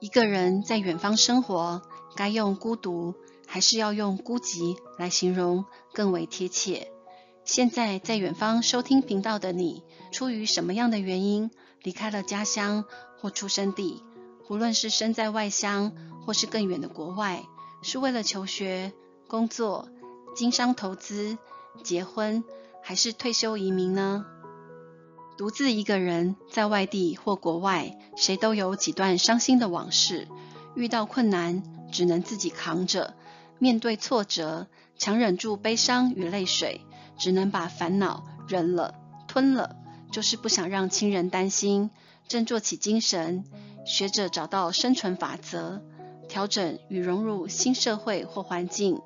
一個人在遠方生活，該用孤獨，還是要用孤寂來形容更為貼切？現在在遠方收聽頻道的你，出於什麼樣的原因離開了家鄉或出生地？無論是身在外鄉，或是更遠的國外，是為了求學、工作、經商、投資、結婚，還是退休移民呢？獨自一個人在外地或國外，誰都有幾段傷心的往事。遇到困難，只能自己扛着；面對挫折，強忍住悲傷與淚水，只能把煩惱忍了、吞了，就是不想讓親人擔心。振作起精神，學着找到生存法則，調整與融入新社會或環境。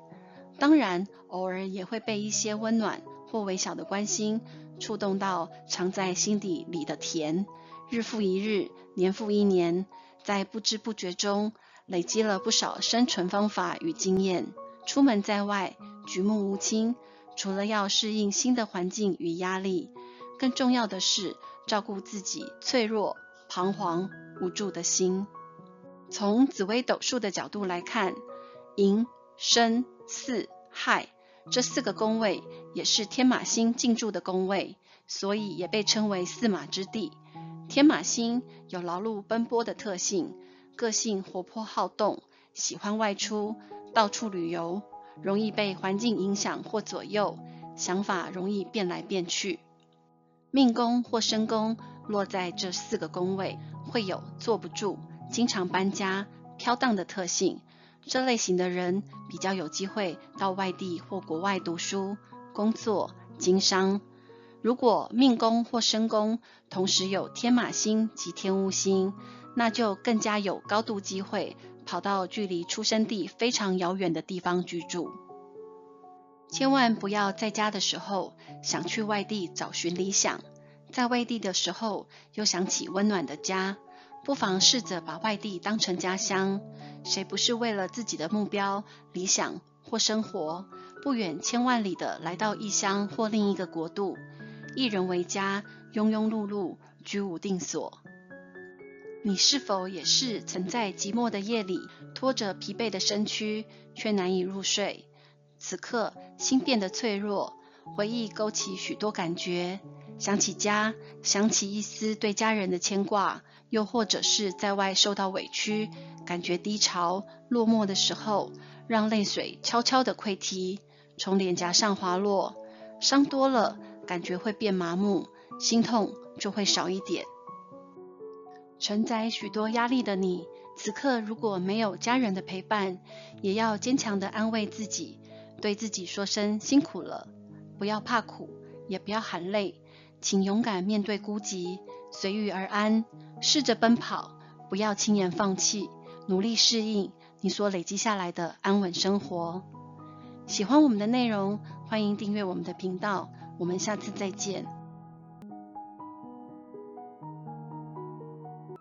當然，偶爾也會被一些溫暖或微小的關心。觸動到藏在心底裡的甜，日復一日，年復一年，在不知不覺中累積了不少生存方法與經驗。出門在外，舉目無親，除了要適應新的環境與壓力，更重要的是照顧自己脆弱、彷徨、無助的心。從紫微斗數的角度來看，寅申巳亥，生這四個宮位也是天馬星進駐的宮位，所以也被稱為四馬之地。天馬星有勞碌奔波的特性，個性活潑好動，喜歡外出，到處旅遊，容易被環境影響或左右，想法容易變來變去。命宮或身宮落在這四個宮位，會有坐不住、經常搬家、飄蕩的特性。這類型的人比較有機會到外地或國外讀書、工作、經商。如果命宮或身宮同時有天馬星及天巫星，那就更加有高度機會跑到距離出生地非常遙遠的地方居住。千萬不要在家的時候想去外地找尋理想，在外地的時候又想起溫暖的家。不妨試着把外地當成家鄉。誰不是為了自己的目標、理想或生活，不遠千萬里的來到異鄉或另一個國度，一人為家，庸庸碌碌，居無定所？你是否也是曾在寂寞的夜裡，拖着疲憊的身軀，卻難以入睡？此刻心變得脆弱，回憶勾起許多感覺。想起家，想起一絲對家人的牽掛，又或者是在外受到委屈，感覺低潮、落寞的時候，讓淚水悄悄地潰堤，從臉頰上滑落。傷多了，感覺會變麻木，心痛就會少一點。承載許多壓力的你，此刻如果沒有家人的陪伴，也要堅強地安慰自己，對自己說聲辛苦了，不要怕苦，也不要喊累。請勇敢面對孤寂，隨遇而安，試着奔跑，不要輕言放棄，努力適應你所累積下來的安穩生活。喜歡我們的內容，歡迎訂閱我們的頻道。我們下次再見。